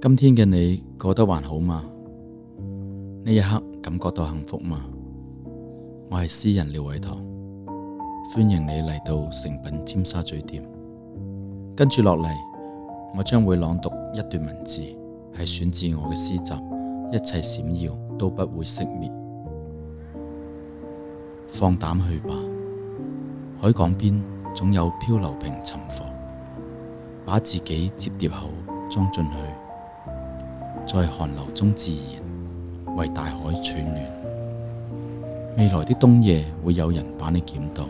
今天嘅你過得還好嗎？呢一刻感覺到幸福嗎？我係詩人廖偉棠，歡迎你嚟到誠品尖沙咀店。跟住落嚟，我將會朗讀一段文字，係選自我嘅詩集《一切閃耀都不會熄滅》。放膽去吧，海港邊總有漂流瓶沉浮，把自己摺疊好，裝進去。在寒流中自燃，為大海取暖。未來的冬夜，會有人把你撿到。